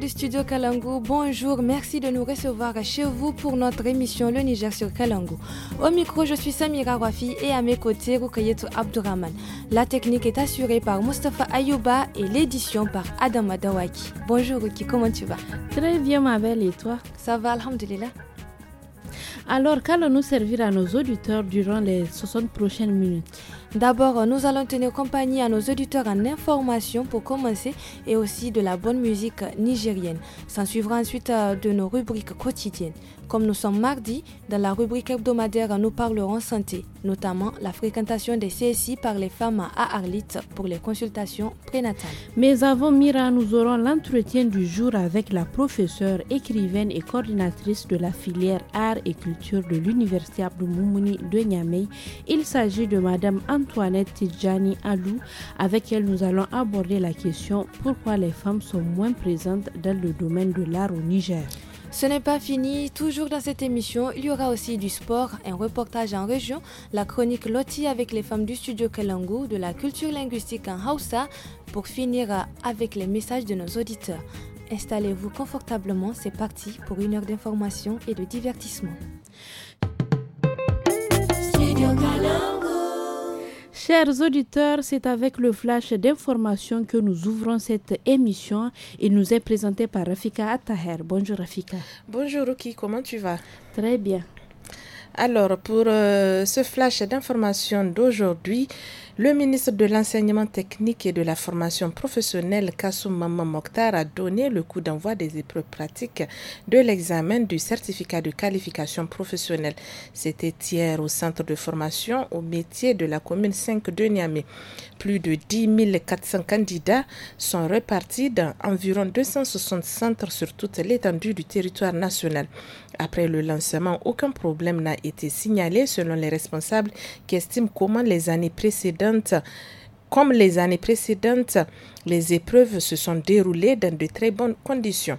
du studio Kalango, bonjour, merci de nous recevoir chez vous pour notre émission Le Niger sur Kalango. Au micro, je suis Samira Wafi et à mes côtés, Rukayetu Abdurrahman. La technique est assurée par Mustafa Ayouba et l'édition par Adam Adawaki. Bonjour Ruki, comment tu vas Très bien ma belle et toi Ça va, alhamdulillah. Alors, qu'allons-nous servir à nos auditeurs durant les 60 prochaines minutes D'abord, nous allons tenir compagnie à nos auditeurs en information pour commencer et aussi de la bonne musique nigérienne. S'en suivra ensuite euh, de nos rubriques quotidiennes. Comme nous sommes mardi, dans la rubrique hebdomadaire, nous parlerons santé, notamment la fréquentation des CSI par les femmes à Arlit pour les consultations prénatales. Mais avant Mira, nous aurons l'entretien du jour avec la professeure, écrivaine et coordinatrice de la filière art et culture de l'Université Moumouni de Niamey. Il s'agit de Madame Antoinette Tidjani Alou. Avec elle, nous allons aborder la question pourquoi les femmes sont moins présentes dans le domaine de l'art au Niger. Ce n'est pas fini. Toujours dans cette émission, il y aura aussi du sport, un reportage en région, la chronique Loti avec les femmes du studio Kelangu, de la culture linguistique en Hausa, pour finir avec les messages de nos auditeurs. Installez-vous confortablement, c'est parti pour une heure d'information et de divertissement. Chers auditeurs, c'est avec le flash d'information que nous ouvrons cette émission. Il nous est présenté par Rafika Attaher. Bonjour Rafika. Bonjour Ruki, comment tu vas Très bien. Alors, pour euh, ce flash d'information d'aujourd'hui, le ministre de l'Enseignement technique et de la formation professionnelle, Kassoum Maman Mokhtar, a donné le coup d'envoi des épreuves pratiques de l'examen du certificat de qualification professionnelle. C'était hier au centre de formation au métier de la commune 5 de Niamey. Plus de 10 400 candidats sont répartis dans environ 260 centres sur toute l'étendue du territoire national. Après le lancement, aucun problème n'a été signalé selon les responsables qui estiment comment les années précédentes comme les années précédentes, les épreuves se sont déroulées dans de très bonnes conditions.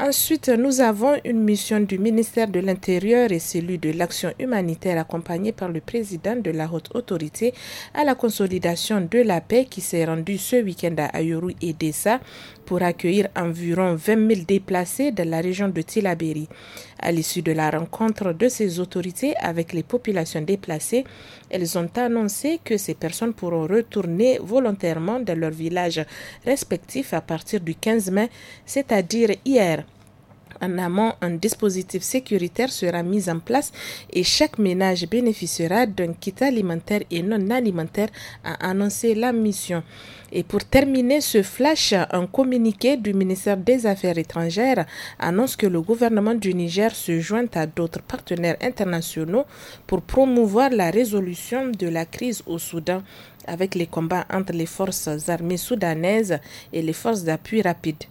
Ensuite, nous avons une mission du ministère de l'Intérieur et celui de l'action humanitaire accompagnée par le président de la haute autorité à la consolidation de la paix qui s'est rendue ce week-end à Ayuru et Dessa pour accueillir environ 20 000 déplacés de la région de Tilaberi. À l'issue de la rencontre de ces autorités avec les populations déplacées, elles ont annoncé que ces personnes pourront retourner volontairement dans leurs villages respectifs à partir du 15 mai, c'est-à-dire hier. En amont, un dispositif sécuritaire sera mis en place et chaque ménage bénéficiera d'un kit alimentaire et non alimentaire, a annoncé la mission. Et pour terminer ce flash, un communiqué du ministère des Affaires étrangères annonce que le gouvernement du Niger se joint à d'autres partenaires internationaux pour promouvoir la résolution de la crise au Soudan avec les combats entre les forces armées soudanaises et les forces d'appui rapide.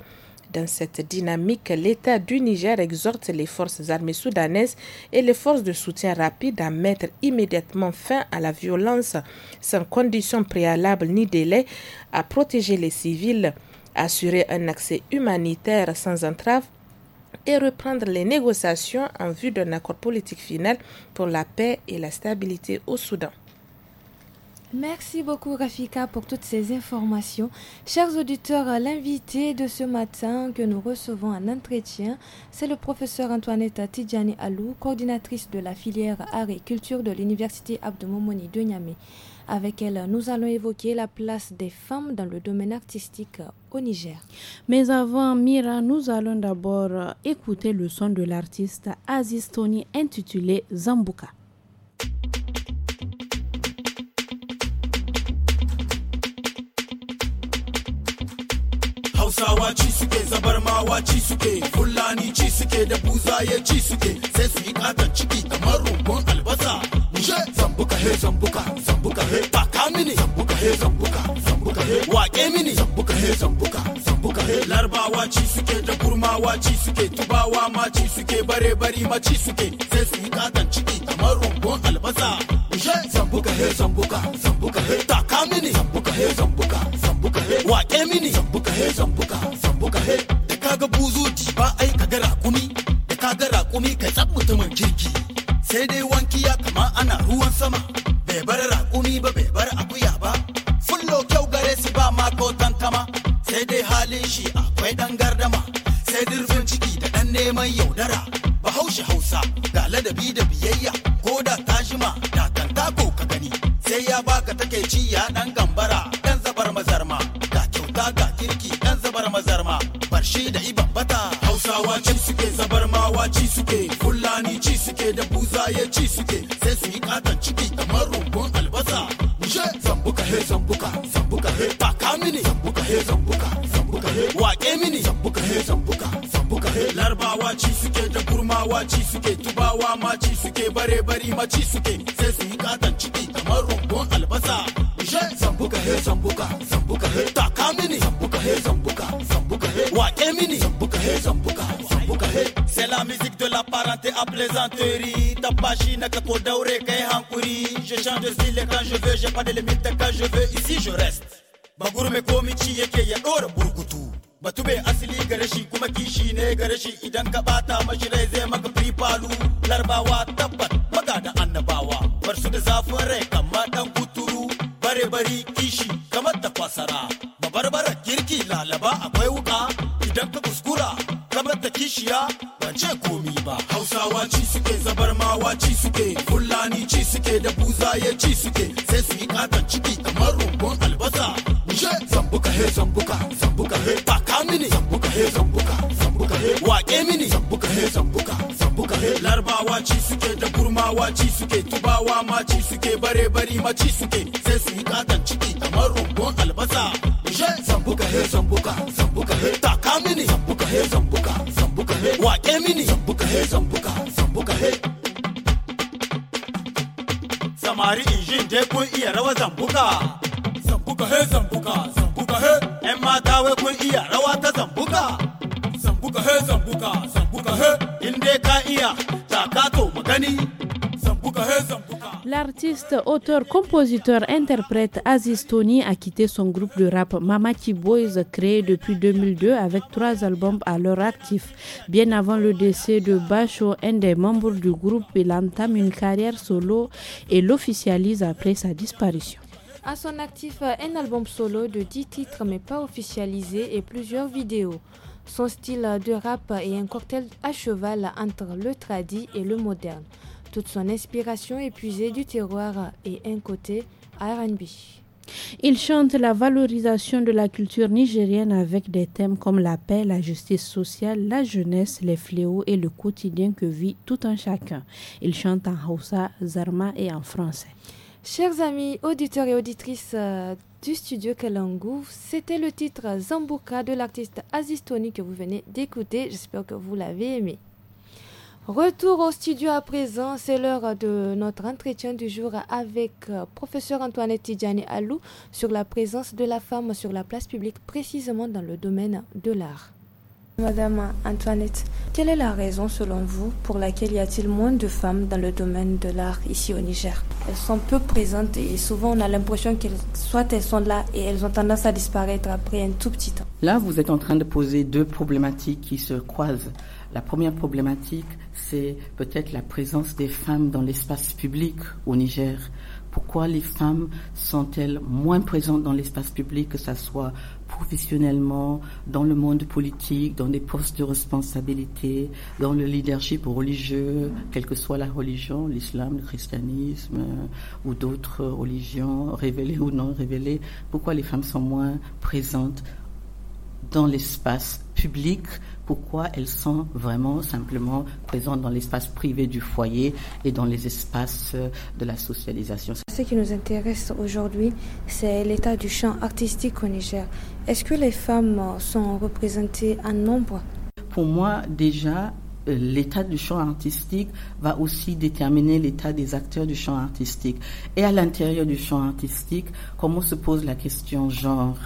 Dans cette dynamique, l'État du Niger exhorte les forces armées soudanaises et les forces de soutien rapide à mettre immédiatement fin à la violence sans condition préalable ni délai, à protéger les civils, assurer un accès humanitaire sans entrave et reprendre les négociations en vue d'un accord politique final pour la paix et la stabilité au Soudan. Merci beaucoup Rafika pour toutes ces informations. Chers auditeurs, l'invité de ce matin que nous recevons en entretien, c'est le professeur Antoinette Tidjani Alou, coordinatrice de la filière art et culture de l'université Momoni de Niamey. Avec elle, nous allons évoquer la place des femmes dans le domaine artistique au Niger. Mais avant Mira, nous allons d'abord écouter le son de l'artiste Aziz Tony intitulé Zambouka. hausawa ci suke zabarmawa ci suke fulani ci suke da buzaye ci suke sai su yi katon ciki kamar rumbun albasa mushe zambuka he zambuka zambuka he taka mini zambuka he zambuka zambuka he wake mini zambuka he zambuka zambuka he larbawa ci suke da kurmawa ci suke tubawa ma ci suke bare bari ma ci suke sai su yi katon ciki kamar rumbun albasa ishe zambuka he zambuka zambuka he taka mini zambuka he zambuka zambuka he wake mini zambuka he zambuka zambuka he da kaga buzuci ba ai kaga rakumi da kaga rakumi kai tsab mutumin kirki sai dai wanki ya kama ana ruwan sama bai bar rakumi ba bai bar akuya ba fullo kyau gare su ba ma ko tantama sai dai halin shi akwai dan gardama sai dirfin ciki da dan neman yaudara bahaushe hausa ga ladabi da biyayya ko da tajima da sai ya baka take ci ya dan gambara dan zabar mazarma ga kyauta ga kirki dan zabar mazarma barshi da iban bata hausawa ci suke zabar mawa ci suke fulani ci suke da buzaye ci suke sai su yi katon ci talakawa ma suke bare bari ma suke sai su yi katon ciki kamar rumbun albasa ishe zambuka he zambuka zambuka he taka mini zambuka he zambuka zambuka he wake mini zambuka he zambuka zambuka he c'est la musique de la parenté à plaisanterie tapashi na ka ko daure kai hankuri je change de style quand je veux j'ai pas de limite quand je veux ici je reste bagurme komi ci yake e ya dora burkutu batube asili gare shi kuma kishi ne gare shi idan ka bata mashi rai zai maka free palu larbawa tabbat maga da annabawa bar su da zafin dan kuturu bare bari kishi kamar da kwasara babarbara girki lalaba akwai wuka idan ka kuskura kamar ta kishiya ban ce komi ba hausawa ci suke zabarmawa ci suke fulani ci suke da buzaye ci suke sai su yi katon ciki kamar rumbun albasa nishe zambuka he zambuka zambuka he pakamini. ka nufawa ci suke tubawa ma ci suke bare bari ma ci suke sai su yi katon ciki kamar rumbun albasa je sambuka he sambuka sambuka he taka mini zambuka he sambuka sambuka he wake mini zambuka he sambuka sambuka he samari injin dai kun iya rawa zambuka sambuka he zambuka sambuka he en mata wai kun iya rawa ta zambuka sambuka he zambuka sambuka he inde ka iya taka to magani L'artiste, auteur, compositeur, interprète Aziz Tony a quitté son groupe de rap Mamaki Boys créé depuis 2002 avec trois albums à leur actif. Bien avant le décès de Bacho, un des membres du groupe, il entame une carrière solo et l'officialise après sa disparition. À son actif, un album solo de dix titres mais pas officialisé et plusieurs vidéos. Son style de rap est un cocktail à cheval entre le tradi et le moderne toute son inspiration épuisée du terroir et un côté RB. Il chante la valorisation de la culture nigérienne avec des thèmes comme la paix, la justice sociale, la jeunesse, les fléaux et le quotidien que vit tout un chacun. Il chante en Hausa, Zarma et en français. Chers amis, auditeurs et auditrices euh, du studio Kalangu, c'était le titre Zambouka de l'artiste Azistoni que vous venez d'écouter. J'espère que vous l'avez aimé. Retour au studio à présent, c'est l'heure de notre entretien du jour avec euh, professeur Antoinette Tidjani Alou sur la présence de la femme sur la place publique, précisément dans le domaine de l'art. Madame Antoinette, quelle est la raison selon vous pour laquelle y a-t-il moins de femmes dans le domaine de l'art ici au Niger Elles sont peu présentes et souvent on a l'impression qu'elles soit elles sont là et elles ont tendance à disparaître après un tout petit temps. Là, vous êtes en train de poser deux problématiques qui se croisent. La première problématique, c'est peut-être la présence des femmes dans l'espace public au Niger. Pourquoi les femmes sont-elles moins présentes dans l'espace public, que ce soit professionnellement, dans le monde politique, dans des postes de responsabilité, dans le leadership religieux, quelle que soit la religion, l'islam, le christianisme euh, ou d'autres religions, révélées ou non révélées Pourquoi les femmes sont moins présentes dans l'espace pourquoi elles sont vraiment simplement présentes dans l'espace privé du foyer et dans les espaces de la socialisation. Ce qui nous intéresse aujourd'hui, c'est l'état du champ artistique au Niger. Est-ce que les femmes sont représentées en nombre Pour moi, déjà, euh, l'état du champ artistique va aussi déterminer l'état des acteurs du champ artistique. Et à l'intérieur du champ artistique, comment se pose la question genre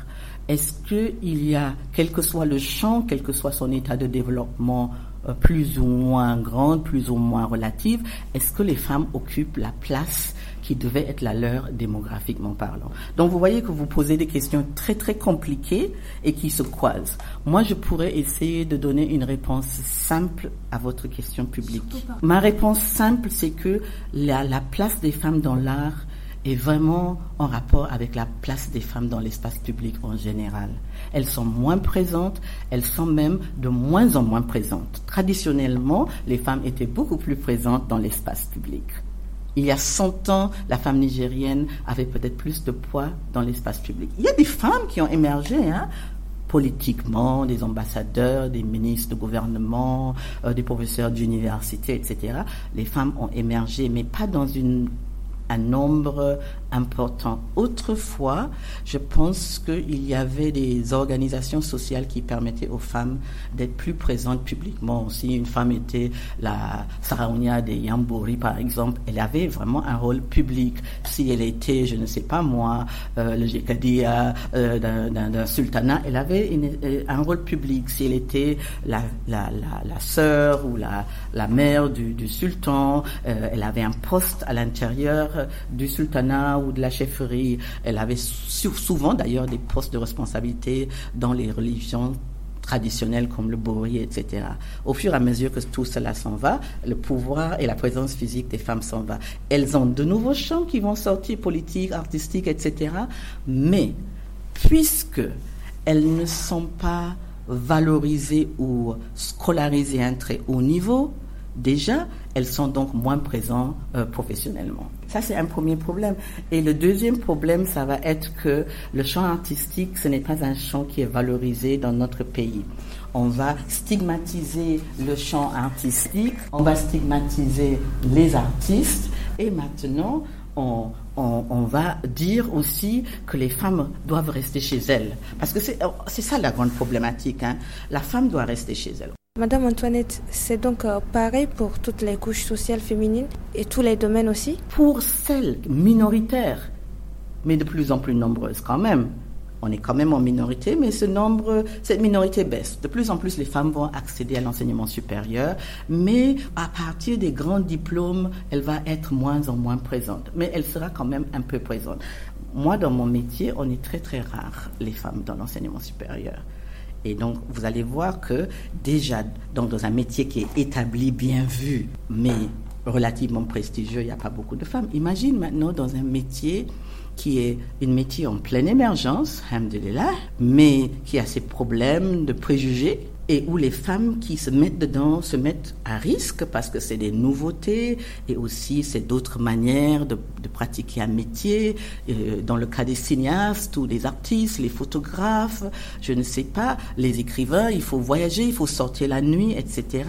est-ce qu'il y a, quel que soit le champ, quel que soit son état de développement euh, plus ou moins grand, plus ou moins relative, est-ce que les femmes occupent la place qui devait être la leur démographiquement parlant. Donc vous voyez que vous posez des questions très très compliquées et qui se croisent. Moi, je pourrais essayer de donner une réponse simple à votre question publique. Ma réponse simple, c'est que la place des femmes dans l'art est vraiment en rapport avec la place des femmes dans l'espace public en général. Elles sont moins présentes, elles sont même de moins en moins présentes. Traditionnellement, les femmes étaient beaucoup plus présentes dans l'espace public. Il y a 100 ans, la femme nigérienne avait peut-être plus de poids dans l'espace public. Il y a des femmes qui ont émergé, hein, politiquement, des ambassadeurs, des ministres de gouvernement, euh, des professeurs d'université, etc. Les femmes ont émergé, mais pas dans une un nombre important. Autrefois, je pense qu'il y avait des organisations sociales qui permettaient aux femmes d'être plus présentes publiquement. Si une femme était la Saraounia des Yambori, par exemple, elle avait vraiment un rôle public. Si elle était, je ne sais pas moi, euh, le Jekadia euh, d'un sultanat, elle avait euh, un rôle public. Si elle était la, la, sœur ou la, mère du, sultan, elle avait un poste à l'intérieur du sultanat ou de la chefferie. Elle avait souvent d'ailleurs des postes de responsabilité dans les religions traditionnelles comme le Bori, etc. Au fur et à mesure que tout cela s'en va, le pouvoir et la présence physique des femmes s'en va. Elles ont de nouveaux champs qui vont sortir, politiques, artistiques, etc. Mais puisque elles ne sont pas valorisées ou scolarisées à un très haut niveau, déjà, elles sont donc moins présentes euh, professionnellement. Ça, c'est un premier problème. Et le deuxième problème, ça va être que le champ artistique, ce n'est pas un champ qui est valorisé dans notre pays. On va stigmatiser le champ artistique, on va stigmatiser les artistes, et maintenant, on, on, va dire aussi que les femmes doivent rester chez elles. Parce que c'est ça la grande problématique. Hein. La femme doit rester chez elle. Madame Antoinette, c'est donc euh, pareil pour toutes les couches sociales féminines et tous les domaines aussi Pour celles minoritaires, mais de plus en plus nombreuses quand même. On est quand même en minorité, mais ce nombre, cette minorité baisse. De plus en plus, les femmes vont accéder à l'enseignement supérieur, mais à partir des grands diplômes, elle va être moins en moins présente. Mais elle sera quand même un peu présente. Moi, dans mon métier, on est très très rare, les femmes dans l'enseignement supérieur. Et donc, vous allez voir que déjà, dans un métier qui est établi, bien vu, mais relativement prestigieux, il n'y a pas beaucoup de femmes. Imagine maintenant dans un métier qui est un métier en pleine émergence, mais qui a ses problèmes de préjugés, et où les femmes qui se mettent dedans se mettent à risque parce que c'est des nouveautés et aussi c'est d'autres manières de, pratiquer un métier. Euh, dans le cas des cinéastes ou des artistes, les photographes, je ne sais pas, les écrivains, il faut voyager, il faut sortir la nuit, etc.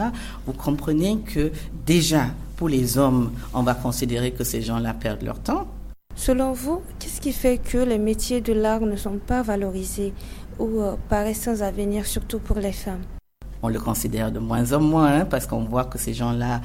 Vous comprenez que déjà, pour les hommes, on va considérer que ces gens-là perdent leur temps. Selon vous, qu'est-ce qui fait que les métiers de l'art ne sont pas valorisés ou euh, paraît sans avenir, surtout pour les femmes on le considère de moins en moins hein, parce qu'on voit que ces gens-là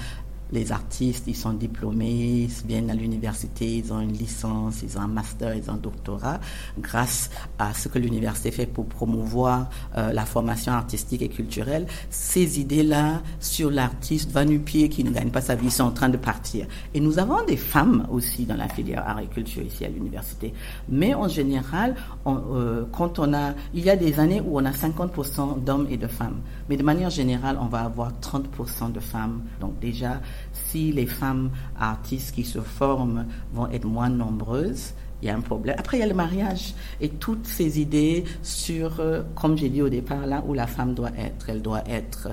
les artistes, ils sont diplômés, ils viennent à l'université, ils ont une licence, ils ont un master, ils ont un doctorat, grâce à ce que l'université fait pour promouvoir euh, la formation artistique et culturelle. Ces idées-là sur l'artiste va-nu-pied qui ne gagne pas sa vie, sont en train de partir. Et nous avons des femmes aussi dans la filière culture ici à l'université. Mais en général, euh, quand on a, il y a des années où on a 50% d'hommes et de femmes. Mais de manière générale, on va avoir 30% de femmes. Donc déjà, si les femmes artistes qui se forment vont être moins nombreuses, il y a un problème. Après, il y a le mariage et toutes ces idées sur, euh, comme j'ai dit au départ, là où la femme doit être. Elle doit être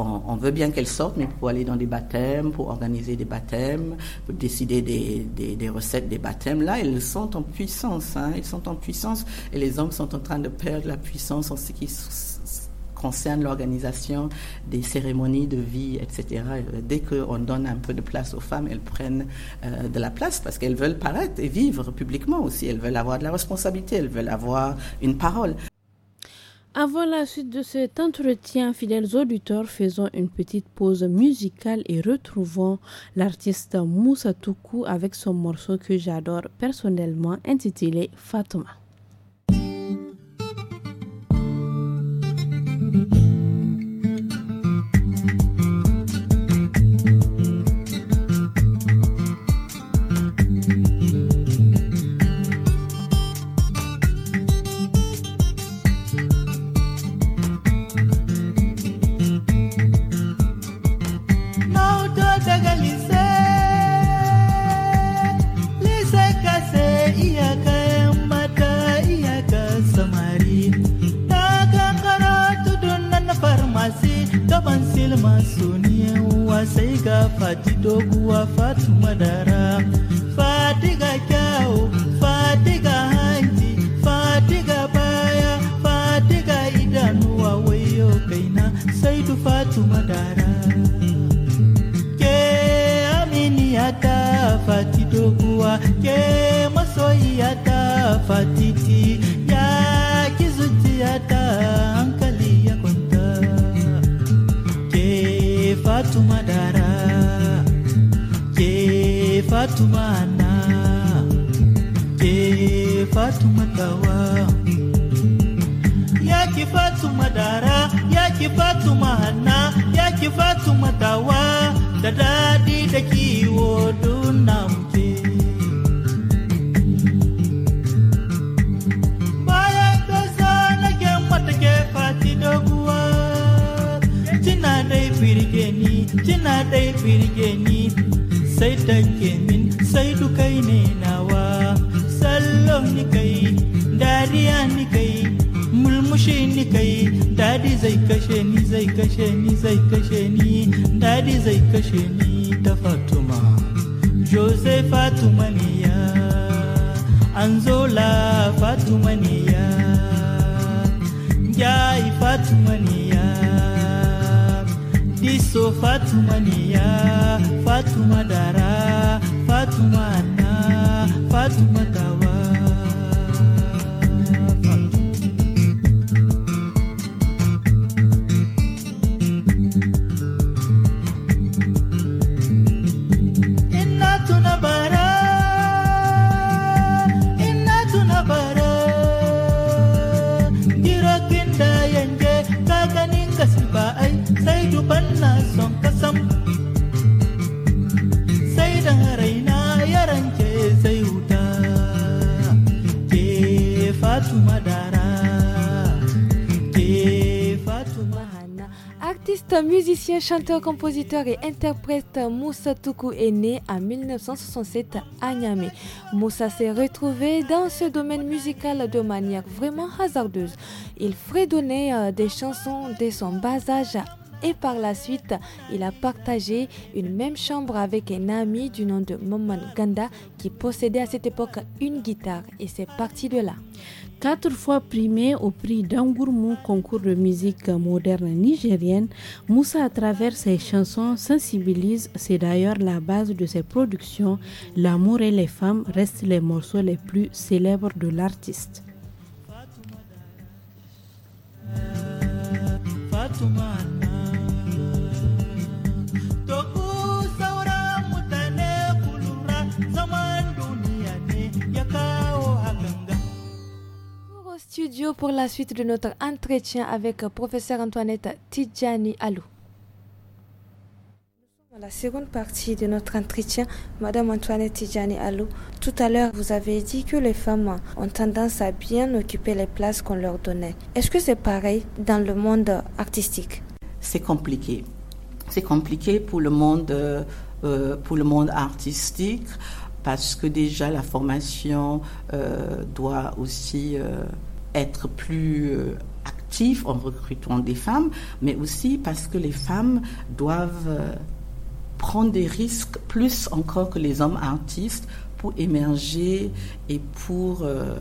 on, veut bien qu'elle sorte, mais pour aller dans des baptêmes, pour organiser des baptêmes, pour décider des, recettes des baptêmes, là, elles sont en puissance. Hein, elles sont en puissance et les hommes sont en train de perdre la puissance en ce qui concerne l'organisation des cérémonies de vie, etc. Euh, dès qu'on donne un peu de place aux femmes, elles prennent euh, de la place parce qu'elles veulent paraître et vivre publiquement aussi. Elles veulent avoir de la responsabilité, elles veulent avoir une parole. Avant la suite de cet entretien, fidèles auditeurs, faisons une petite pause musicale et retrouvons l'artiste Moussa Toukou avec son morceau que j'adore personnellement intitulé Fatoma. Mm-hmm. so fatuma Nia, fatuma dara fatuma anna fatuma dawa musicien, chanteur, compositeur et interprète Moussa Toukou est né en 1967 à Niamey. Moussa s'est retrouvé dans ce domaine musical de manière vraiment hasardeuse. Il fredonnait euh, des chansons dès son bas âge et par la suite, il a partagé une même chambre avec un ami du nom de Momon Ganda qui possédait à cette époque une guitare et c'est parti de là. Quatre fois primé au prix d'Angourmou concours de musique moderne nigérienne, Moussa, à travers ses chansons, sensibilise. C'est d'ailleurs la base de ses productions. L'amour et les femmes restent les morceaux les plus célèbres de l'artiste. studio pour la suite de notre entretien avec professeur Antoinette Tidjani Alou. La seconde partie de notre entretien, Madame Antoinette Tijani Alou, tout à l'heure vous avez dit que les femmes ont tendance à bien occuper les places qu'on leur donnait. Est-ce que c'est pareil dans le monde artistique C'est compliqué. C'est compliqué pour le monde, euh, pour le monde artistique parce que déjà la formation euh, doit aussi euh, être plus euh, actifs en recrutant des femmes, mais aussi parce que les femmes doivent euh, prendre des risques plus encore que les hommes artistes pour émerger et pour euh,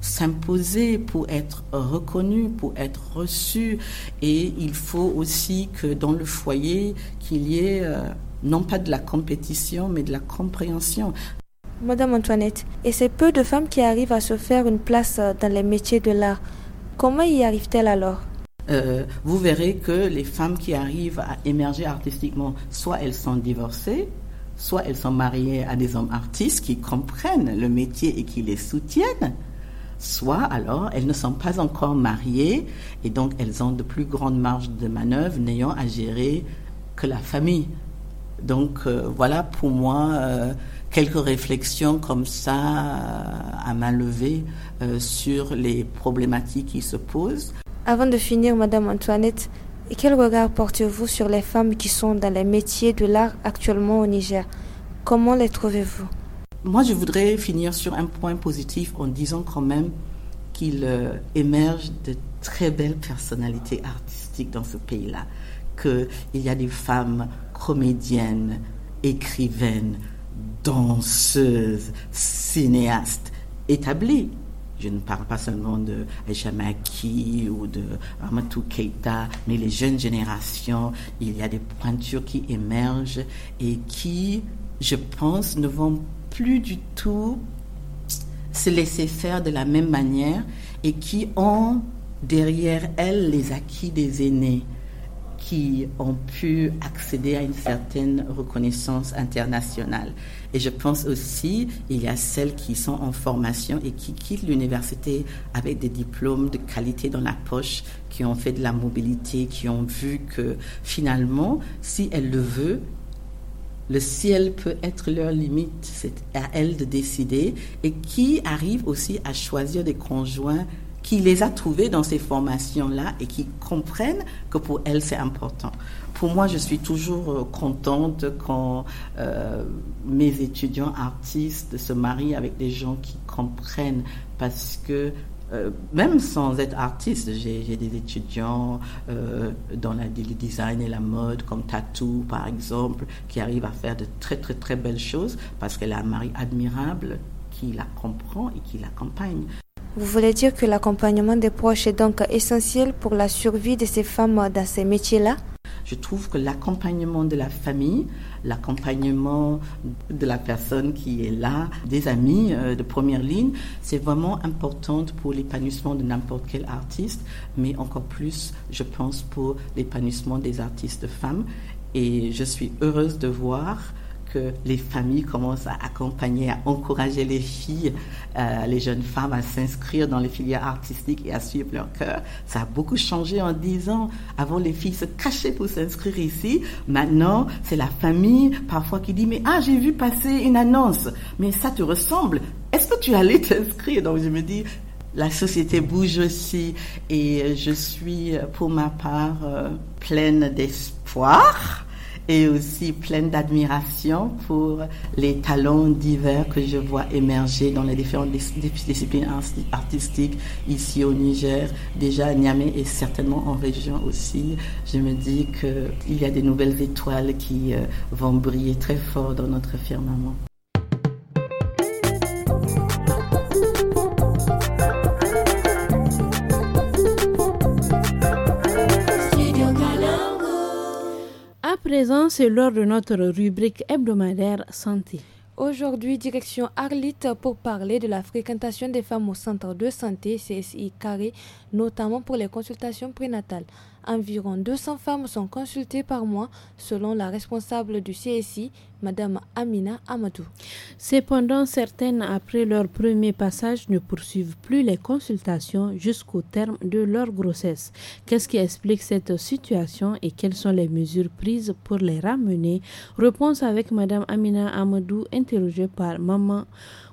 s'imposer, pour être reconnu, pour être reçu. Et il faut aussi que dans le foyer, qu'il y ait non pas de la compétition, mais de la compréhension. Madame Antoinette, et c'est peu de femmes qui arrivent à se faire une place euh, dans les métiers de l'art. Comment y arrivent-elles alors euh, vous verrez que les femmes qui arrivent à émerger artistiquement, soit elles sont divorcées, soit elles sont mariées à des hommes artistes qui comprennent le métier et qui les soutiennent, soit alors elles ne sont pas encore mariées et donc elles ont de plus grandes marges de manœuvre n'ayant à gérer que la famille. Donc euh, voilà pour moi quelques réflexions comme ça euh, à main levée euh, sur les problématiques qui se posent. Avant de finir, Madame Antoinette, quel regard portez-vous sur les femmes qui sont dans les métiers de l'art actuellement au Niger Comment les trouvez-vous Moi, je voudrais finir sur un point positif en disant quand même qu'il euh, émerge de très belles personnalités artistiques dans ce pays-là, qu'il y a des femmes comédiennes, écrivaines, danseuse, cinéastes établie. Je ne parle pas seulement de Aishamaki ou de Amatou Keita, mais les jeunes générations, il y a des pointures qui émergent et qui, je pense, ne vont plus du tout se laisser faire de la même manière et qui ont derrière elles les acquis des aînés qui ont pu accéder à une certaine reconnaissance internationale. Et je pense aussi, il y a celles qui sont en formation et qui quittent l'université avec des diplômes de qualité dans la poche, qui ont fait de la mobilité, qui ont vu que finalement, si elles le veulent, le ciel peut être leur limite, c'est à elles de décider, et qui arrivent aussi à choisir des conjoints qui les a trouvés dans ces formations-là et qui comprennent que pour elles, c'est important. Pour moi, je suis toujours euh, contente quand euh, mes étudiants artistes se marient avec des gens qui comprennent parce que euh, même sans être artiste, j'ai des étudiants dans la, le design et la mode, comme Tatou par exemple, qui arrivent à faire de très très très belles choses parce qu'elle a un mari admirable qui la comprend et qui l'accompagne. Vous voulez dire que l'accompagnement des proches est donc essentiel pour la survie de ces femmes dans ces métiers-là je trouve que l'accompagnement de la famille, l'accompagnement de la personne qui est là, des amis euh, de première ligne, c'est vraiment important pour l'épanouissement de n'importe quel artiste, mais encore plus, je pense, pour l'épanouissement des artistes femmes. Et je suis heureuse de voir que les familles commencent à accompagner, à encourager les filles, euh, les jeunes femmes à s'inscrire dans les filières artistiques et à suivre leur cœur. Ça a beaucoup changé en 10 ans. Avant, les filles se cachaient pour s'inscrire ici. Maintenant, c'est la famille parfois qui dit, mais ah, j'ai vu passer une annonce, mais ça te ressemble. Est-ce que tu allais t'inscrire Donc je me dis, la société bouge aussi et je suis pour ma part euh, pleine d'espoir et aussi pleine d'admiration pour les talents divers que je vois émerger dans les différentes disciplines artistiques ici au Niger, déjà à Niamey et certainement en région aussi. Je me dis qu'il y a des nouvelles étoiles qui euh, vont briller très fort dans notre firmament. c'est l'heure de notre rubrique hebdomadaire santé. Aujourd'hui, direction Arlit pour parler de la fréquentation des femmes au centre de santé CSI Carré, notamment pour les consultations prénatales. Environ 200 femmes sont consultées par mois, selon la responsable du CSI, Madame Amina Amadou. Cependant, certaines, après leur premier passage, ne poursuivent plus les consultations jusqu'au terme de leur grossesse. Qu'est-ce qui explique cette situation et quelles sont les mesures prises pour les ramener Réponse avec Madame Amina Amadou, interrogée par Maman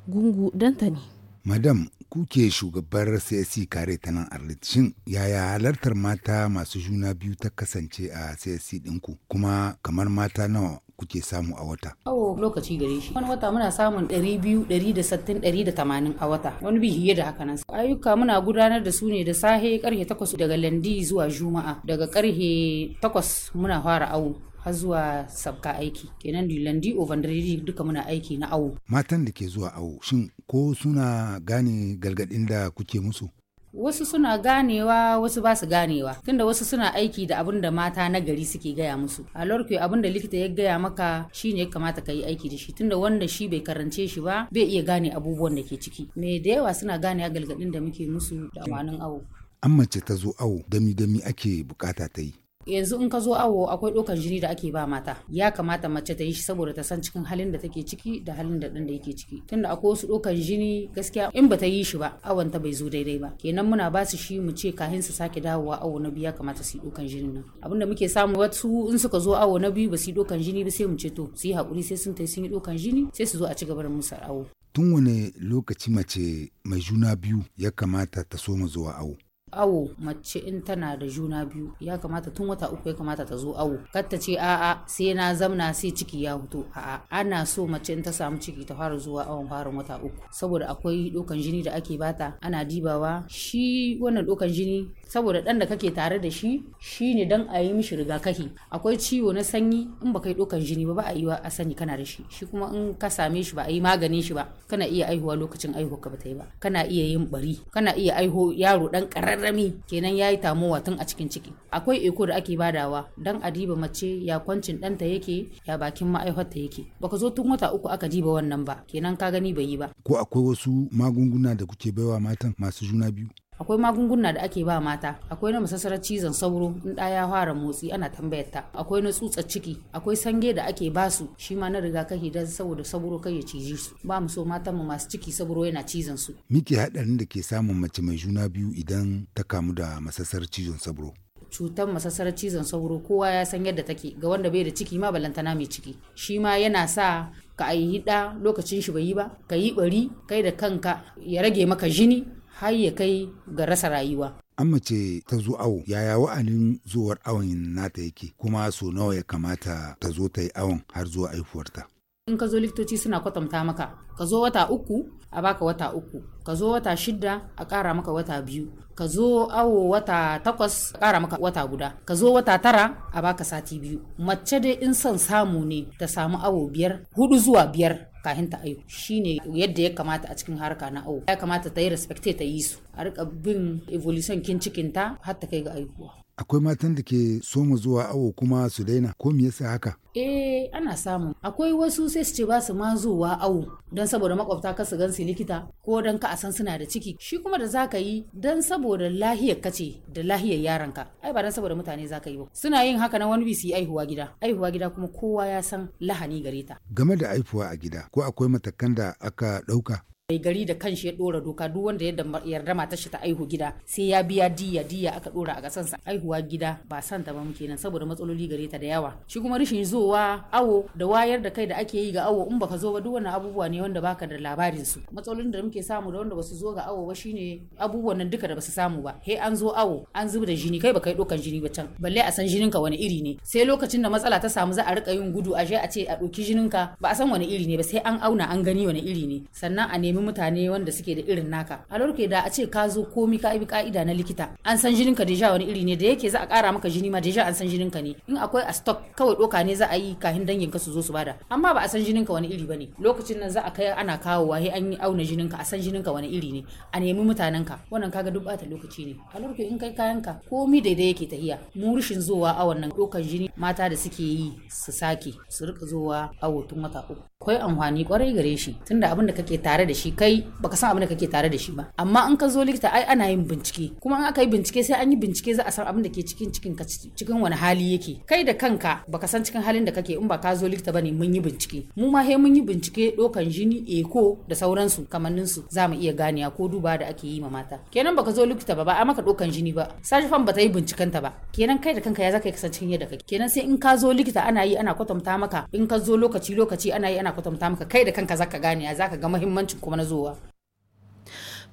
Gungu Dantani. Madame, kuke shugabar CSC kare ta nan Arlit shin yaya halartar mata masu juna biyu ta kasance a CSC ɗinku kuma kamar mata nawa kuke samu a wata? Awo lokaci gare shi. Wani wata muna samun biyu, 200, da tamanin a wata. Wani bi hiye da haka nan. Ayyuka muna gudanar da su ne da sahe karfe takwas daga landi zuwa juma'a. Daga karhe takwas muna fara awo. har zuwa sabka aiki kenan landi ovandredi duka muna aiki na awo matan da ke zuwa awo shin ko suna gane galgadin da kuke musu wasu suna ganewa wasu ba su ganewa tunda wasu suna aiki da abin da mata na gari suke gaya musu a lorke abin da likita ya gaya maka shine ya kamata ka yi aiki da shi tunda wanda shi bai karance shi ba bai iya gane abubuwan da ke ciki me da yawa suna gane galgadin da muke musu da amanin awo an mace ta zo awo dami dami ake bukata ta yi yanzu in ka zo awo akwai ɗaukar jini da ake ba mata ya kamata mace ta yi shi saboda ta san cikin halin da take ciki da halin da ɗan da yake ciki tunda akwai wasu ɗaukar jini gaskiya in ba ta yi shi ba awon ta bai zo daidai ba kenan muna ba su shi mu ce kahin su sake dawowa awo na biyu ya kamata su yi ɗaukar jinin nan abinda muke samu wasu in suka zo awo na biyu ba su yi ɗaukar jini ba sai mu ce to su yi haƙuri sai sun ta sun yi ɗaukar jini sai su zo a ci gaba da musu awo tun wane lokaci mace mai juna biyu ya kamata ta so mu zuwa awo awo mace in tana da juna biyu ya kamata tun wata uku ya kamata ta zo awo kar ta ce a'a sai na zamna sai ciki ya fito a'a ana so mace in ta samu ciki ta fara zuwa awon farin wata uku saboda akwai dokan jini da ake bata ana dibawa shi wannan dokan jini saboda ɗan da kake tare da shi shi ne dan a yi mishi rigakafi akwai ciwo na sanyi in baka yi ɗaukan jini ba ba a yi wa a sani kana da shi shi kuma in ka same shi ba a yi maganin shi ba kana iya aihuwa lokacin aihuwa ka bata yi ba kana iya yin bari kana iya aiho yaro dan kararrami kenan yayi tamowa tun a cikin ciki akwai eko da ake badawa dan a diba mace ya kwancin ɗanta yake ya bakin ta yake baka zo tun wata uku aka diba wannan ba kenan ka gani bai yi ba ko akwai wasu magunguna da kuke baiwa matan masu juna biyu akwai magunguna da ake ba mata akwai na masassarar cizon sauro in ɗaya ya fara motsi ana tambayar ta akwai na tsutsar ciki akwai sange da ake ba su shi ma na riga kai da saboda sauro kai ya ciji su ba mu so matan mu masu ciki sauro yana cizon su miki haɗarin da ke samun mace mai juna biyu idan ta kamu da masasar cizon sauro cutar masassarar cizon sauro kowa ya san yadda take ga wanda bai da ciki ma balantana mai ciki shi ma yana sa ka ayi hida lokacin shi bai yi ba ka yi bari kai da kanka ya rage maka jini har ya kai ga rasa rayuwa. An mace ta zo awo yaya wa'anin zuwar awon nata yake kuma so nawa ya kamata ta zo ta yi awon har zuwa aifuwarta. In ka zo likitoci suna kwatanta maka ka zo wata uku a baka wata uku ka zo wata shida a ƙara maka wata biyu ka zo awo wata takwas a ƙara maka wata guda ka zo wata tara a baka sati biyu mace dai in son samu ne ta samu awo biyar hudu zuwa biyar kahinta ta ayo shine yadda ya kamata a cikin harka na awo ya kamata ta yi respecte ta yi su a rika bin evolution kin cikinta har ta kai ga aihuwa akwai matan da ke so mu zuwa awo kuma su daina ko me yasa haka eh ana samu akwai wasu sai su ce ba su ma zuwa awo don saboda makwabta ka su gan su likita ko don ka a san suna da ciki shi kuma da zaka yi don saboda lahiyar kace da lahiyar ka ai ba don saboda mutane zaka yi ba suna yin haka na wani bi bisi aihuwa gida aihuwa gida kuma kowa ya san lahani gare ta game da aihuwa a gida ko akwai matakan da aka ɗauka mai gari da kanshi ya dora doka duk wanda ya yarda matar shi ta aihu gida sai ya biya diya diya aka dora a kasansa aihuwa gida ba san ta ba muke nan saboda matsaloli gare ta da yawa shi kuma rishin zowa awo da wayar da kai da ake yi ga awo in baka zo ba duk wannan abubuwa ne wanda baka da labarin su matsalolin da muke samu da wanda basu zo ga awo ba shine abubuwan nan duka da basu samu ba he an zo awo an zuba da jini kai baka yi dokan jini ba can balle a san jinin ka wani iri ne sai lokacin da matsala ta samu za a rika yin gudu a je a ce a doki jinin ka ba a san wani iri ne ba sai an auna an gani wani iri ne sannan a nemi nemi mutane wanda suke da irin naka a lokacin da a ce ka zo komi ka bi ka'ida na likita an san jinin ka deja wani iri ne da yake za a kara maka jini ma deja an san jinin ka ne in akwai a stock kawai doka ne za a yi kahin dangin ka su zo su bada amma ba a san jinin ka wani iri bane lokacin nan za a kai ana kawowa sai an yi auna jinin ka a san jinin ka wani iri ne a nemi mutanen ka wannan kaga duk bata lokaci ne a lokacin in kai kayan ka komi daidai yake tahiya mu rishin zowa a wannan dokan jini mata da suke yi su sake su rika zowa a wutun wata uku akwai amfani kwarai gare shi tunda abin da kake tare da shi kai baka san abin da kake tare da shi ba amma in ka zo likita ai ana yin bincike kuma in aka yi bincike sai an yi bincike za a san abin da ke cikin cikin ka cikin wani hali yake kai da kanka baka san cikin halin da kake in ba ka zo likita bane mun yi bincike mu ma he mun yi bincike dokan jini eko da sauransu kamannin su za mu iya ganiya ko duba da ake yi ma mata kenan baka zo likita ba ba a maka dokan jini ba sajifan ba ta yi binciken ta ba kenan kai da kanka ya zaka yi kasancin yadda kake kenan sai in ka zo likita ana yi ana kwatanta maka in ka zo lokaci lokaci ana yi ana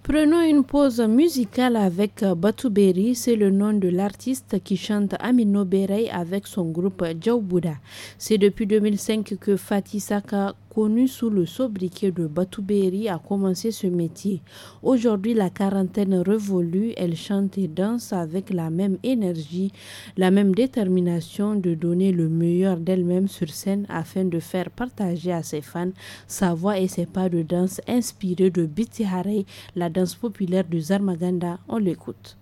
Prenons une pause musicale avec Batuberi, c'est le nom de l'artiste qui chante Amino avec son groupe Djaouboura. C'est depuis 2005 que Fatih Saka connue sous le sobriquet de Batuberi a commencé ce métier. Aujourd'hui, la quarantaine revolue, elle chante et danse avec la même énergie, la même détermination de donner le meilleur d'elle-même sur scène afin de faire partager à ses fans sa voix et ses pas de danse inspirés de Biti Harei, la danse populaire du Zarmaganda. On l'écoute.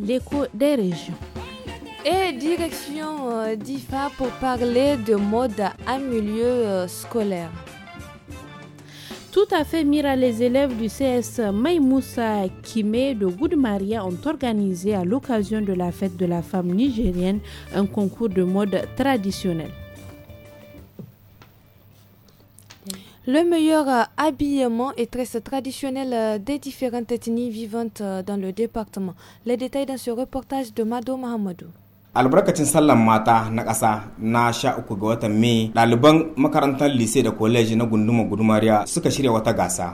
l'écho des régions. Et direction euh, d'IFA pour parler de mode à milieu euh, scolaire. Tout à fait, Mira, les élèves du CS Maïmoussa Kimé de Goudmaria ont organisé à l'occasion de la fête de la femme nigérienne un concours de mode traditionnel. Le meilleur euh, habillement et tresse traditionnel euh, des différentes ethnies vivantes euh, dans le département. Les détails dans ce reportage de Mado Mahamadou. albarkacin sallan mata na ƙasa na sha uku ga watan mai ɗaliban makarantar lise da kwaleji na gunduma gudumariya suka shirya wata gasa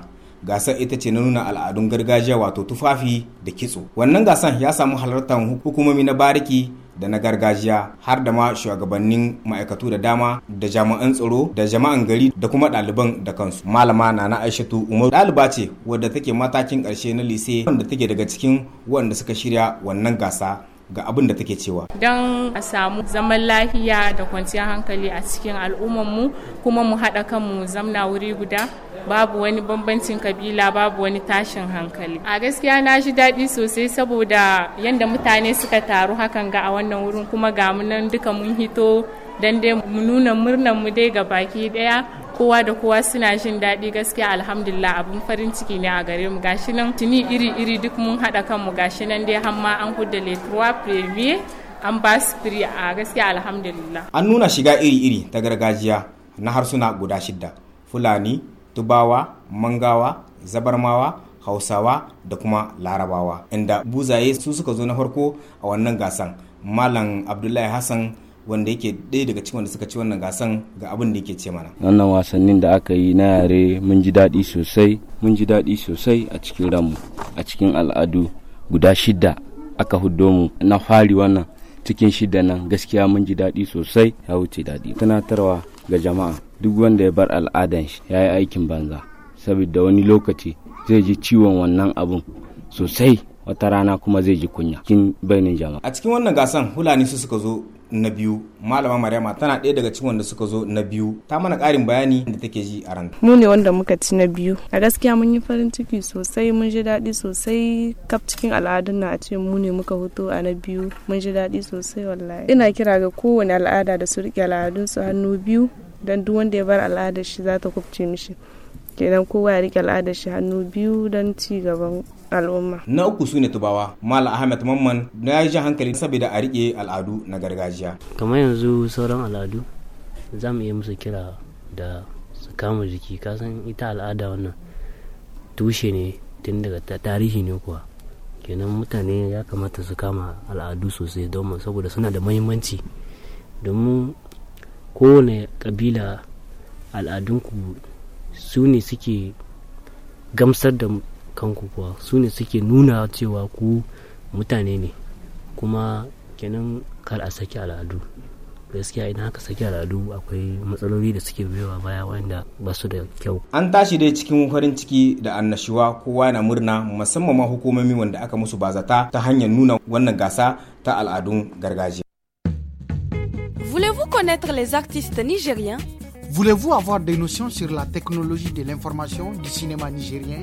gasa ita ce na nuna al'adun gargajiya wato tufafi da kitso wannan gasan ya samu halartar hukumomi na bariki da na gargajiya har da ma shugabannin ma'aikatu da dama da jami'an tsaro da jama'an gari da kuma ɗaliban da kansu malama na na aishatu umaru. ɗaliba ce wadda take matakin ƙarshe na lise wanda take daga cikin wanda suka shirya wannan gasa ga abin da take cewa. Don a samu zaman lafiya da kwanciyar hankali a cikin al'ummarmu kuma mu haɗa kanmu zamna wuri guda babu wani bambancin kabila babu wani tashin hankali. A gaskiya na ji daɗi sosai saboda yadda mutane suka taru hakan ga a wannan wurin kuma ga mu nan duka mun hito don dai mu nuna murnar mu dai ga baki ɗaya kowa da kowa suna jin daɗi gaskiya alhamdulillah abun farin ciki ne a gare mu gashi nan tuni iri-iri duk mun haɗa kanmu gashi nan dai hamma an hudda trois premier an ba su a gaskiya alhamdulillah an nuna shiga iri-iri ta gargajiya na harsuna guda shidda fulani tubawa mangawa zabarmawa hausawa da kuma larabawa inda buzaye su suka zo na farko a wannan gasan malam abdullahi hassan wanda yake ɗaya daga cikin wanda suka ci wannan gasan ga abin da yake ce mana wannan wasannin da aka yi na yare mun ji daɗi sosai mun ji daɗi sosai a cikin ramu a cikin al'adu guda shida aka huddo mu na fari wannan cikin shida nan gaskiya mun ji daɗi sosai ya wuce daɗi tunatarwa ga jama'a duk wanda ya bar al'adan shi ya yi aikin banza saboda wani lokaci zai ji ciwon wannan abun sosai wata rana kuma zai ji kunya kin bainin jama'a a cikin wannan gasan hulani su suka zo na biyu malama maryama tana ɗaya daga cikin wanda suka zo na biyu ta mana ƙarin bayani da take ji a ranta mu ne wanda muka ci na biyu a gaskiya mun yi farin ciki sosai mun ji daɗi sosai kaf cikin al'adun na a ce mu ne muka hoto a na biyu mun ji daɗi sosai wallahi ina kira ga kowane al'ada da su riƙe al'adun su hannu biyu don duk wanda ya bar al'adar shi za ta kubce mishi kenan kowa ya riƙe al'adar shi hannu biyu don ci gaban al'umma na uku su ne tubawa mala ahmed mamman na ya ji hankali saboda a riƙe al'adu na gargajiya kamar yanzu sauran al'adu za mu iya musu kira da su kama jiki kasan ita al'ada wannan tushe ne tun daga tarihi ne kuwa kenan mutane ya kamata su kama al'adu sosai don saboda suna da muhimmanci domin kowane kabila al'adunku su ne suke gamsar da kanku kuwa su ne suke nuna cewa ku mutane ne kuma kenan kar a saki al'adu gaskiya idan aka saki al'adu akwai matsaloli da suke biyowa baya wanda ba su da kyau an tashi dai cikin farin ciki da annashuwa kowa na murna musamman ma hukumomi wanda aka musu bazata ta hanyar nuna wannan gasa ta al'adun gargajiya Voulez-vous connaître les artistes nigériens Voulez-vous avoir des notions sur la technologie de l'information du cinéma nigérien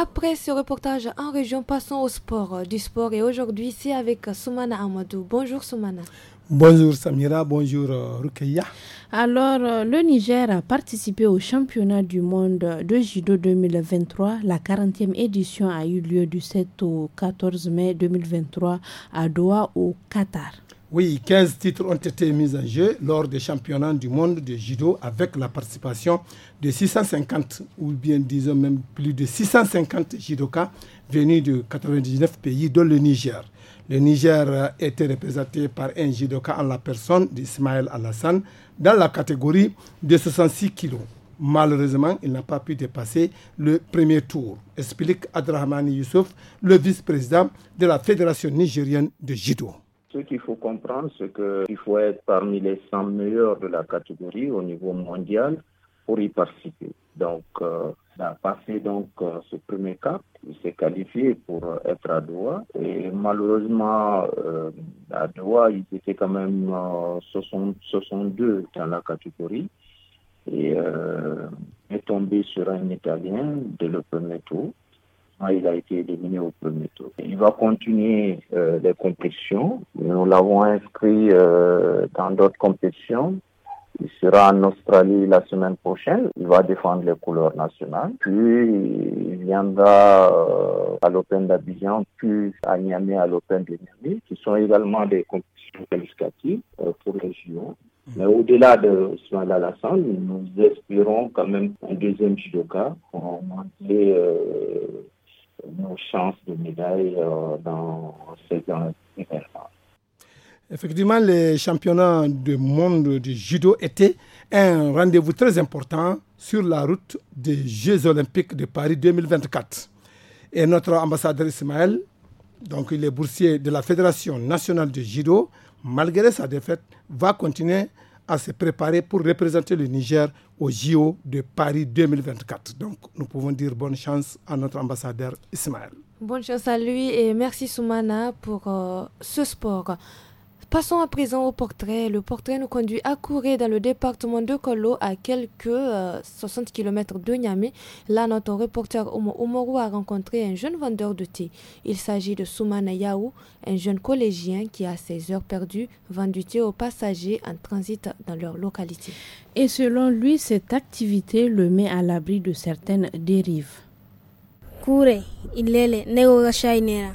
Après ce reportage en région, passons au sport. Euh, du sport et aujourd'hui c'est avec euh, Soumana Amadou. Bonjour Soumana. Bonjour Samira, bonjour euh, Rukeya. Alors, le Niger a participé au championnat du monde de judo 2023. La 40e édition a eu lieu du 7 au 14 mai 2023 à Doha au Qatar. Oui, 15 titres ont été mis en jeu lors des championnats du monde de judo avec la participation de 650 ou bien disons même plus de 650 judokas venus de 99 pays dont le Niger. Le Niger euh, était représenté par un judoka en la personne d'Ismaël Alassane dans la catégorie de 66 kilos. Malheureusement, il n'a pas pu dépasser le premier tour, explique Adrahamani Youssouf, le vice-président de la Fédération nigérienne de judo. Ce qu'il faut comprendre, c'est qu'il faut être parmi les 100 meilleurs de la catégorie au niveau mondial pour y participer. Donc, euh, il a passé donc euh, ce premier cap, il s'est qualifié pour être à Doha. Et malheureusement, euh, à Doha, il était quand même 62 euh, dans la catégorie. Et est tombé sur un Italien dès le premier tour. Hein, il a été éliminé au premier tour. Il va continuer euh, les compétitions. Nous l'avons inscrit euh, dans d'autres compétitions. Il sera en Australie la semaine prochaine. Il va défendre les couleurs nationales. Puis il viendra euh, à l'Open d'Abidjan, puis à Niamey à l'Open de Niamey, qui sont également des compétitions qualificatives pour les JO. Mais au-delà de Ousmane Alassane, nous espérons quand même un deuxième judoka pour augmenter nos chances de médaille euh, dans ces Effectivement, les championnats du monde du judo étaient un rendez-vous très important sur la route des Jeux olympiques de Paris 2024. Et notre ambassadeur Ismaël, donc il est boursier de la Fédération nationale de judo, malgré sa défaite, va continuer à se préparer pour représenter le Niger au JO de Paris 2024. Donc nous pouvons dire bonne chance à notre ambassadeur Ismaël. Bonne chance à lui et merci Soumana pour euh, ce sport. Passons à présent au portrait. Le portrait nous conduit à Kouré dans le département de Kolo à quelques 60 euh, km de Niamey. Là, notre reporter Omo a rencontré un jeune vendeur de thé. Il s'agit de Soumana Yaou, un jeune collégien qui, à ses heures perdues, vend du thé aux passagers en transit dans leur localité. Et selon lui, cette activité le met à l'abri de certaines dérives. Kouré, il est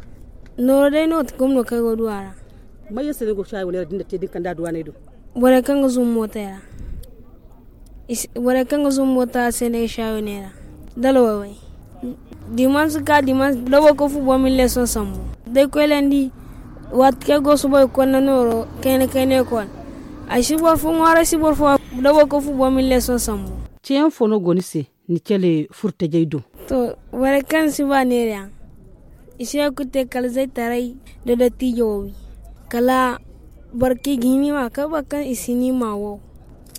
nore no tkumno ka go duara maye sele go shay wonera dinda tedin kanda duana ido wala kanga zum mota ya wala kanga zum mota sele shay wonera dalo wai dimans ka dimans dawo ko fu bo min leson sambo de ko lendi wat ke go subo ko na noro kene kene ko a shibo fu ngora shibo fu dawo ko fu bo min leson sambo tiyan fono gonise ni kele furte jeydu to wala kan siba ne kal zai tarai da dati yowi kala barki gini wa ka bakan isini mawo.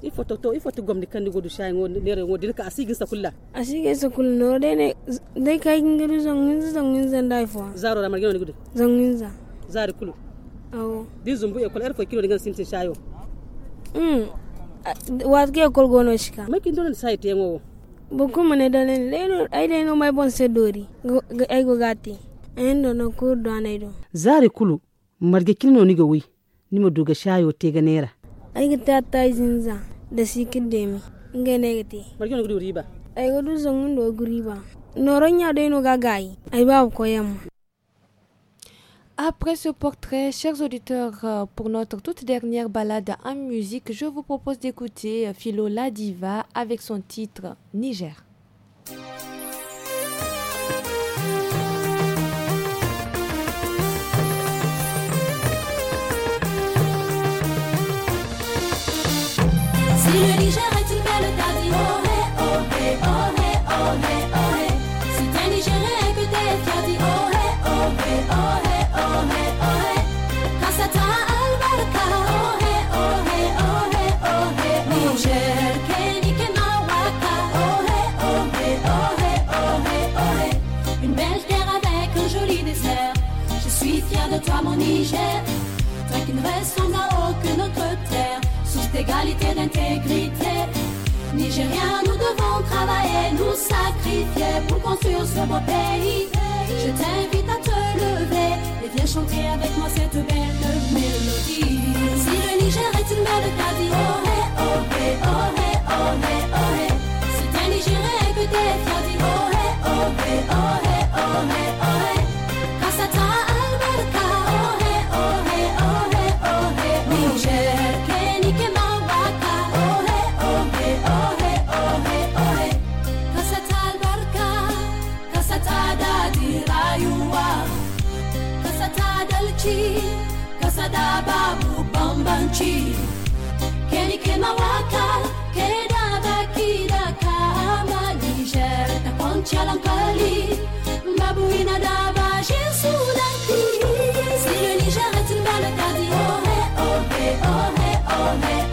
i ifo to to ifo to gomni kan godu shayin wo nere wo dirka asigin sa kulla asigin sa kulla no de ne dai kai ngiru zangin zangin zan dai fo zaro da margino ne zangin za zari kulu awo di zumbu e kulla erfo kilo digan sintin shayo mm wa ke kol gono shika kin don site te ngo boku mane dalen leno ai leno mai bon sedori dori ai go gati endo do zari kulu marge kilno ni wi ni duga shayo te ga nera ai ga zinza da do guri ba noronya de no ga ai ba Après ce portrait, chers auditeurs, euh, pour notre toute dernière ballade en musique, je vous propose d'écouter euh, Philo La Diva avec son titre Niger. Ohé, ohé, ohé, si t'es Nigerais, que t'es fier de Ohé, ohé, ohé, ohé, ohé, grâce à Alvaro Ohé, ohé, ohé, ohé, ohé Nigerien, tu es waka Ohé, ohé, ohé, ohé, ohé Une belle terre avec un joli désert Je suis fier de toi mon Niger Toi qui ne ressembles à aucune autre terre Sous d'égalité d'intégrité rien, nous devons travailler, nous sacrifier pour construire ce beau pays. Je t'invite à te lever et viens chanter avec moi cette belle mélodie. Si le Niger est une belle casie, ohé, ohé, ohé, ohé, oh Si t'es Nigérien est que t'es oh ohé, ohé, ohé, ohé, ohé. nchi kenikenawaka kedabakidaka madijer takonchalankali mbabuinadaba jesulanti sile nijaretinbalekadi ohe ohe ohe ohe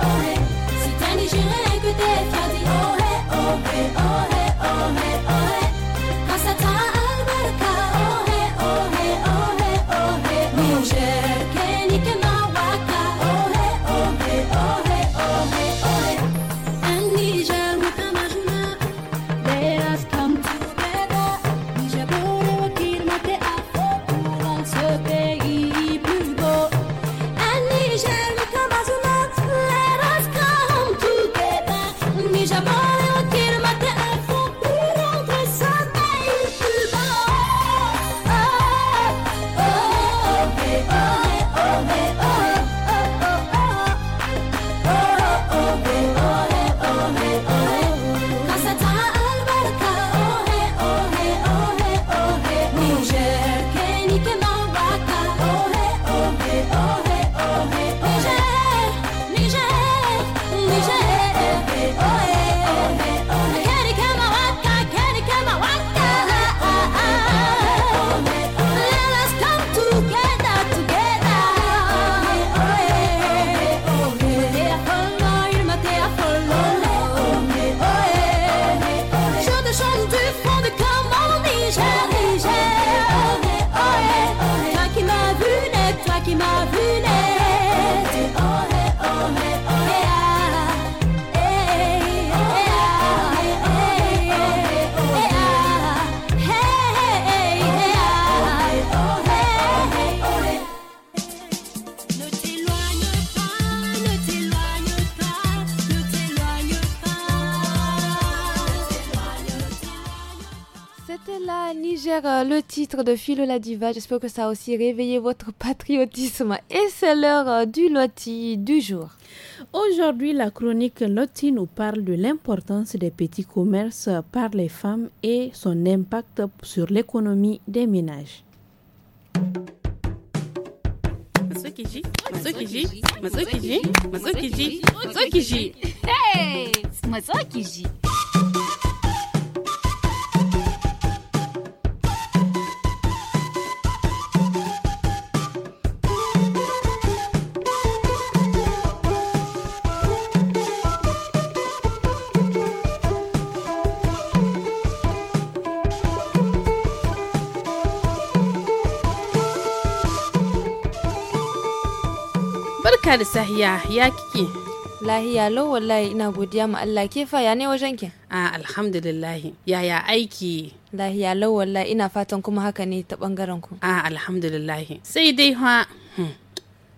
de Philola la Diva. J'espère que ça a aussi réveillé votre patriotisme. Et c'est l'heure euh, du loti du jour. Aujourd'hui, la chronique loti nous parle de l'importance des petits commerces par les femmes et son impact sur l'économie des ménages. Hey barka da sahiya ya kike lahiya lau wallahi ina godiya ma Allah ke fa ya ne wajen ki a alhamdulillah yaya aiki lahiya lau wallahi ina fatan kuma haka ne ta bangaren ku a alhamdulillah sai dai ha hmm,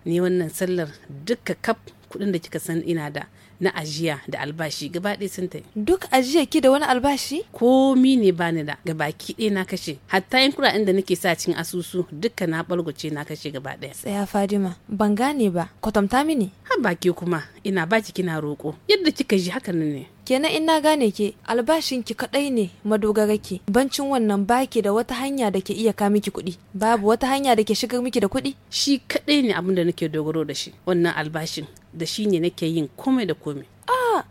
ni wannan sallar duka kaf kudin da kika san ina da na ajiya da albashi gaba ɗaya sun tafi. Duk ajiya ki da wani albashi? Komi ne bani da gabaki ɗaya na kashe. Hatta yan kuɗaɗen da nake sa cikin asusu dukka na ɓalgwace na kashe gaba ɗaya. Tsaya Fadima, ban gane ba, kwatanta mini. Ha baki kuma, ina baki kina roƙo. Yadda kika ji hakan ne. kenan in na gane ke albashin ki kadai ne madogara ke bancin wannan baki da wata hanya da ke iya miki kuɗi babu wata hanya da ke shigar miki da kuɗi shi kadai ne abin da nake dogaro da shi wannan albashin da shi ne nake yin komai da komai a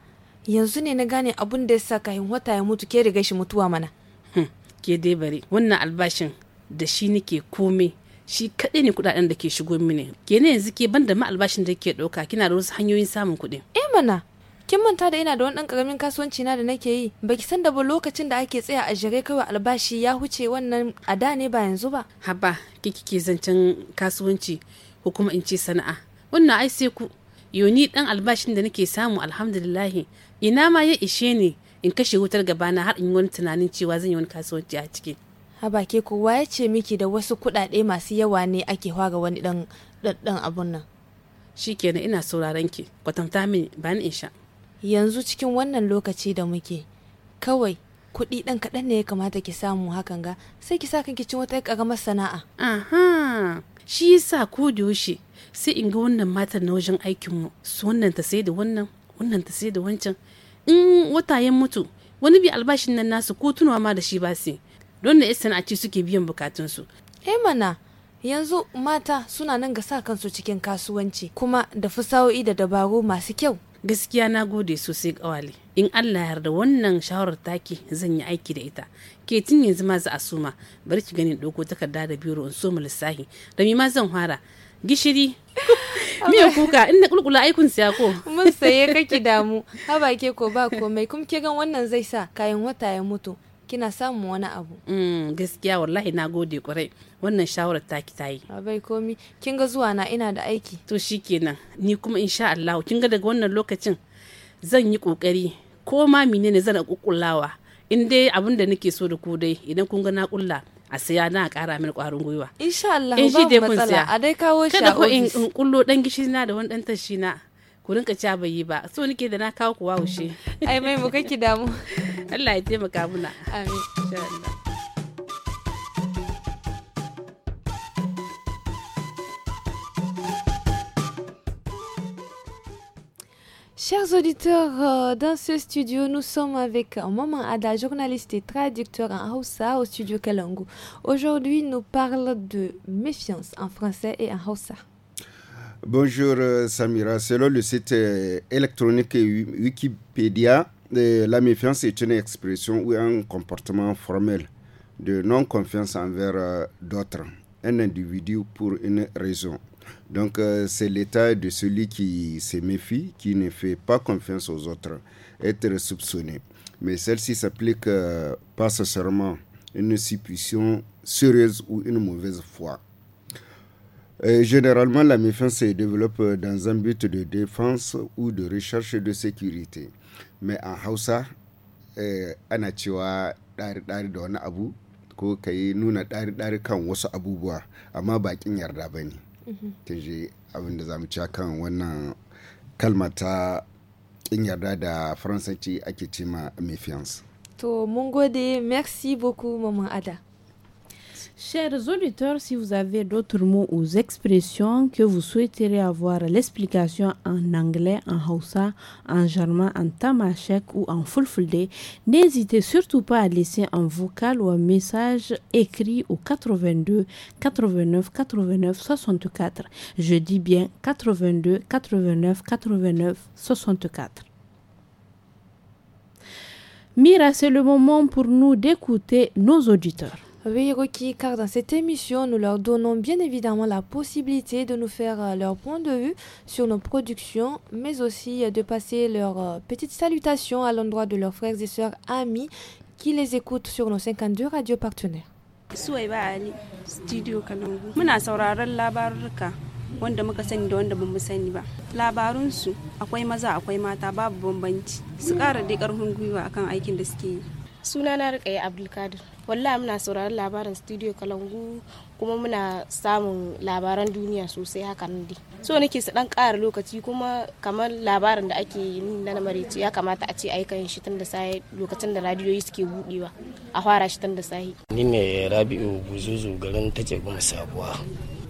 yanzu ne na gane abin da yasa kayan wata ya mutu ke riga shi mutuwa mana hm, ke dai bare wannan albashin da shi nake komai shi kadai ne kuɗaɗen da ke shigo mini ke ne yanzu ke banda ma albashin da ke ɗauka kina da wasu hanyoyin samun kuɗi eh mana kin manta da ina da wani dan karamin kasuwanci na da nake yi baki san da ba lokacin da ake tsaya a jere kawai albashi ya huce wannan a da ne ba yanzu ba haba kiki ke zancen kasuwanci ko kuma in ce sana'a wannan ai sai ku yoni dan albashin da nake samu alhamdulillah ina ma ya ishe ni in kashe wutar gabana har in yi wani tunanin cewa zan yi wani kasuwanci a ciki haba ke kowa ya ce miki da wasu kuɗaɗe masu yawa ne ake hwaga wani dan dan abun nan shikenan ina sauraron ki kwatanta mini bani in sha yanzu cikin wannan lokaci da muke kawai kuɗi ɗan kaɗan ne ya kamata ki samu hakan ga sai ki sa ki ci wata ƙaramar sana'a. Aha. Shi yasa ko da yaushe sai in ga wannan matar na wajen aikinmu su wannan ta sai da wannan wannan ta sai da wancan in wata ya mutu wani bi albashin nan nasu ko tunawa ma da shi ba su don da isan a ci suke biyan bukatunsu. Eh mana yanzu mata suna nan ga sa kansu cikin kasuwanci kuma da fasahohi da dabaru masu kyau gaskiya na gode sosai kawale in allah yarda wannan shawarar taki zan yi aiki da ita ke tun yanzu ma za a suma bari ki ganin ɗauko takarda da biro in soma lissahi da ma zan fara gishiri miya kuka inda kulkula aikun siya ko mun saye kake damu ha ke ko ba komai kuma ke gan wannan zai sa kayan wata ya mutu kina samun wani abu mm, gaskiya wallahi na gode kwarai wannan shawarar taki ta yi bai komi kin ga zuwa na ina da aiki to shi kenan ni kuma insha Allah kin ga daga wannan lokacin zan yi kokari ko ma menene zan kukullawa in dai abin da nake so da ku dai idan kun ga na kulla a siya na kara min kwarin gwiwa insha Allah eh, ba matsala a dai kawo shi a ofis. kada ko in kullo dan gishi na da wani dan tashi na Chers auditeurs, euh, dans ce studio, nous sommes avec Maman Ada, journaliste et traducteur en Hausa au studio Kalangu. Aujourd'hui, nous parlons de méfiance en français et en Hausa. Bonjour euh, Samira. Selon le site euh, électronique Wikipédia, euh, la méfiance est une expression ou un comportement formel de non-confiance envers d'autres, un individu pour une raison. Donc c'est l'état de celui qui se méfie, qui ne fait pas confiance aux autres, être soupçonné. Mais celle-ci s'applique pas seulement une situation sérieuse ou une mauvaise foi généralement, la méfiance se développe dans un but de défense ou de recherche de sécurité. Mais en Hausa, eh, ana cewa abu ko ka nuna kan wasu abubuwa je mhm. abin da zamu wannan ta yarda da ake méfiance. To, mun merci beaucoup, Maman Ada. Chers auditeurs, si vous avez d'autres mots ou expressions que vous souhaiterez avoir l'explication en anglais, en hausa, en germain, en tamashek ou en fulfulde, n'hésitez surtout pas à laisser un vocal ou un message écrit au 82 89 89 64. Je dis bien 82 89 89 64. Mira, c'est le moment pour nous d'écouter nos auditeurs. Oui, Rocky, car dans cette émission, nous leur donnons bien évidemment la possibilité de nous faire euh, leur point de vue sur nos productions, mais aussi euh, de passer leur euh, petite salutation à l'endroit de leurs frères et sœurs amis qui les écoutent sur nos 52 radios partenaires. Suwaiba Studio Kalangu. Muna sauraron labaruka wanda muka sani da wanda bamu sani ba. Labarunsu akwai maza akwai mata babu bambanci. Su ƙara dai ƙarfin gwiwa akan aikin da suke yi. suna na rikaye abdulkadir wallahi muna sauraron labarin studio kalangu kuma muna samun labaran duniya sosai hakan dai so nake su dan kara lokaci kuma kamar labarin da ake yi na maraice ya kamata a ce a yi kan shi tun da sai lokacin da radiyoyi suke budewa a fara shi tun da sai ni ne rabi'u buzuzu garin take goma sabuwa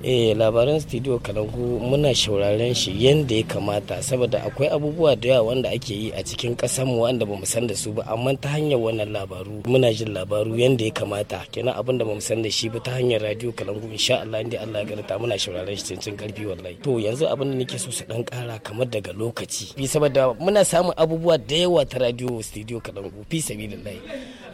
E labaran studio kalangu muna shauraren shi yadda ya kamata saboda akwai abubuwa da yawa wanda ake yi a cikin mu wanda bamu san da su ba amma ta hanyar wannan labaru muna jin labaru yadda ya kamata kenan abin da bamu san da shi ba ta hanyar radio kalangu insha Allah inda Allah ya garanta muna shauraren shi cancan karfi wallahi to yanzu abin da nake so su dan kara kamar daga lokaci bi saboda muna samun abubuwa da yawa ta radio studio kalangu fi sabilillah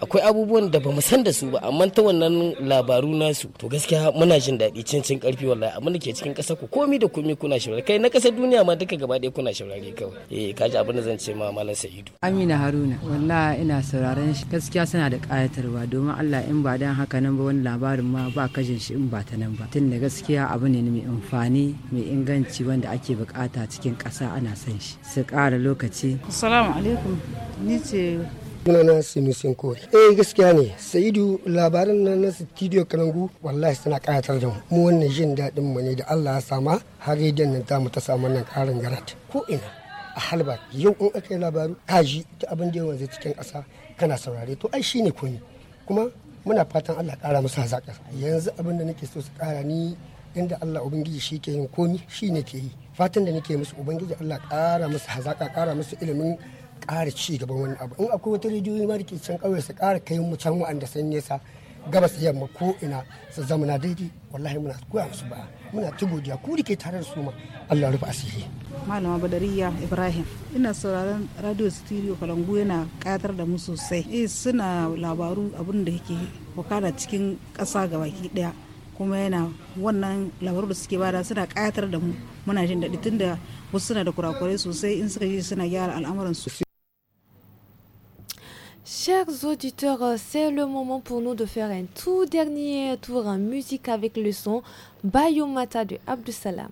akwai abubuwan da ba mu san da su ba amma ta wannan labaru nasu to gaskiya muna jin daɗi cin cin karfi wallahi abin da ke cikin ƙasa ku komi da komi kuna shirare kai na ƙasar duniya ma duka gaba ɗaya kuna shirare kawai eh kaji abin da zan ce ma malam Sa'idu Amina Haruna wallahi ina sauraron shi gaskiya suna da ƙayatarwa domin Allah in ba dan haka nan ba wani labarin ma ba kajin shi in ba ta nan ba tun da gaskiya abu ne mai amfani mai inganci wanda ake bukata cikin ƙasa ana son shi su ƙara lokaci assalamu alaikum ni ce sunana na simisin kore eh gaskiya ne sa'idu labaran nan na studio kanangu wallahi suna kayatar da mu mu wannan jin daɗin mu ne da Allah ya sama har rediyon nan ta mu ta samu nan karin garat ko ina a halba yau in aka yi labaru kaji ta abin da yawan cikin ƙasa kana saurare to ai shine komi kuma muna fatan Allah ƙara musu hazaƙa yanzu abin da nake so su ƙara ni inda Allah Ubangiji shi ke yin komi shi ne ke yi fatan da nake musu Ubangiji Allah ƙara musu hazaƙa ƙara musu ilimin ƙara ci gaban wani abu in akwai wata rediyoyi ma da ke can kawai su ƙara kai mu can wa'anda sun nesa gabas yamma ko ina su zama na daidai wallahi muna koya musu ba muna ta godiya ku da tare da su ma Allah rufa asiri malama badariya ibrahim ina sauraron radio studio kalangu yana kayatar da mu sosai eh suna labaru abin da yake wakana cikin ƙasa gabaki daya kuma yana wannan labarun da suke bada suna kayatar da mu muna jin daɗi tunda wasu suna da kurakurai sosai in suka yi suna gyara al'amuran su Chers auditeurs, euh, c'est le moment pour nous de faire un tout dernier tour en musique avec le son Bayomata de Salam.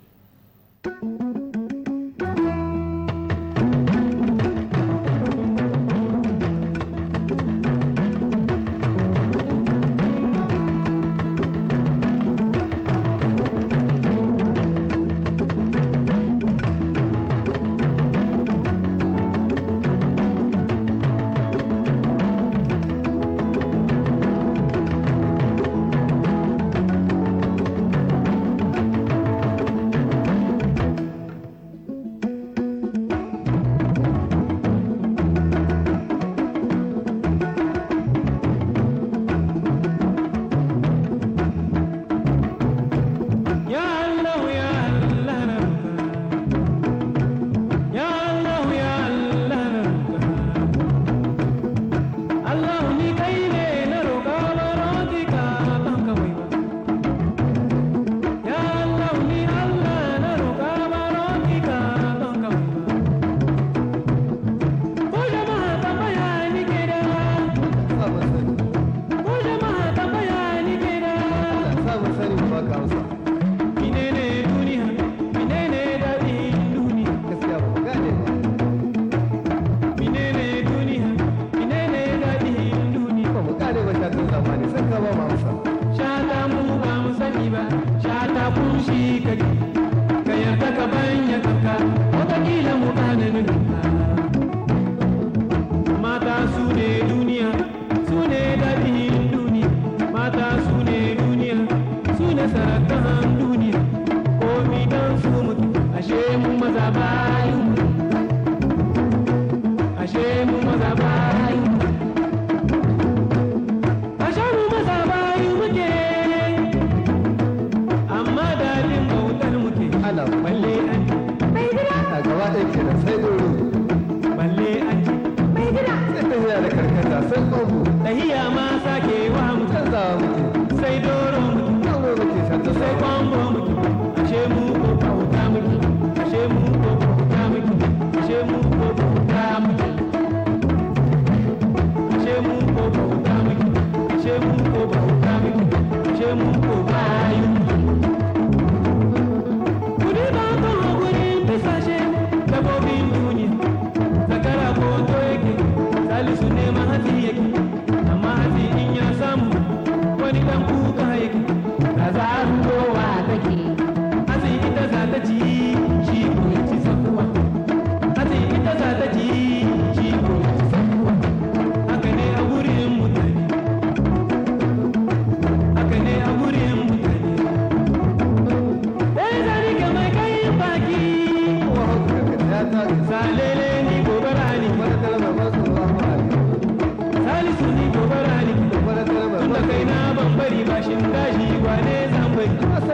bashin bashi gwane zan bai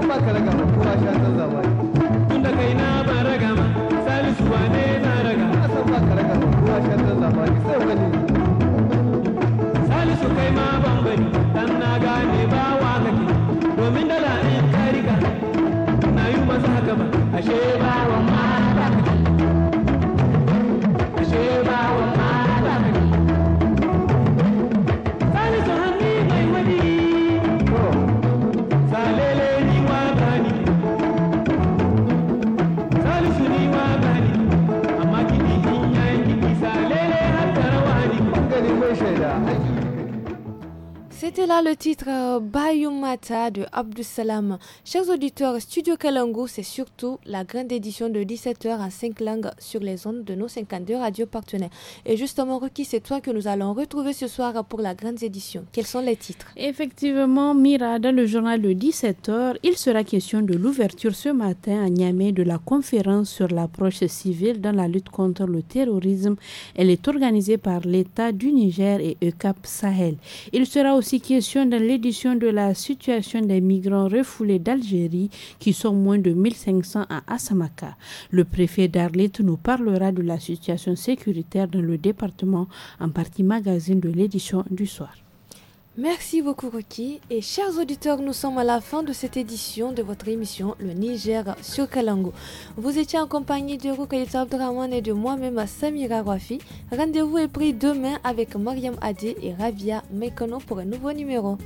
ba ka raga kuma sha san zaba tun da kai na ba raga ma salisu wane na raga kuma san ba ka raga kuma sha san zaba sai wani salisu kai ma ban bari dan na gane ba wa kake domin dala in ka riga na yi masa haka ba ashe ba wa ma C'était là le titre euh, Bayou Bayumata de Abdus Salam. Chers auditeurs, Studio Kalango, c'est surtout la grande édition de 17h à 5 langues sur les ondes de nos 52 radios partenaires. Et justement, Rocky, c'est toi que nous allons retrouver ce soir pour la grande édition. Quels sont les titres Effectivement, Mira, dans le journal de 17h, il sera question de l'ouverture ce matin à Niamey de la conférence sur l'approche civile dans la lutte contre le terrorisme. Elle est organisée par l'État du Niger et ECAP Sahel. Il sera aussi Question dans l'édition de la situation des migrants refoulés d'Algérie qui sont moins de 1500 à Assamaka. Le préfet d'Arlit nous parlera de la situation sécuritaire dans le département en partie magazine de l'édition du soir. Merci beaucoup Ruki et chers auditeurs, nous sommes à la fin de cette édition de votre émission Le Niger sur Kalango. Vous étiez en compagnie de Rukaïta Abdraman et de moi-même Samira Rafi. Rendez-vous est pris demain avec Mariam Adé et Ravia Mekono pour un nouveau numéro.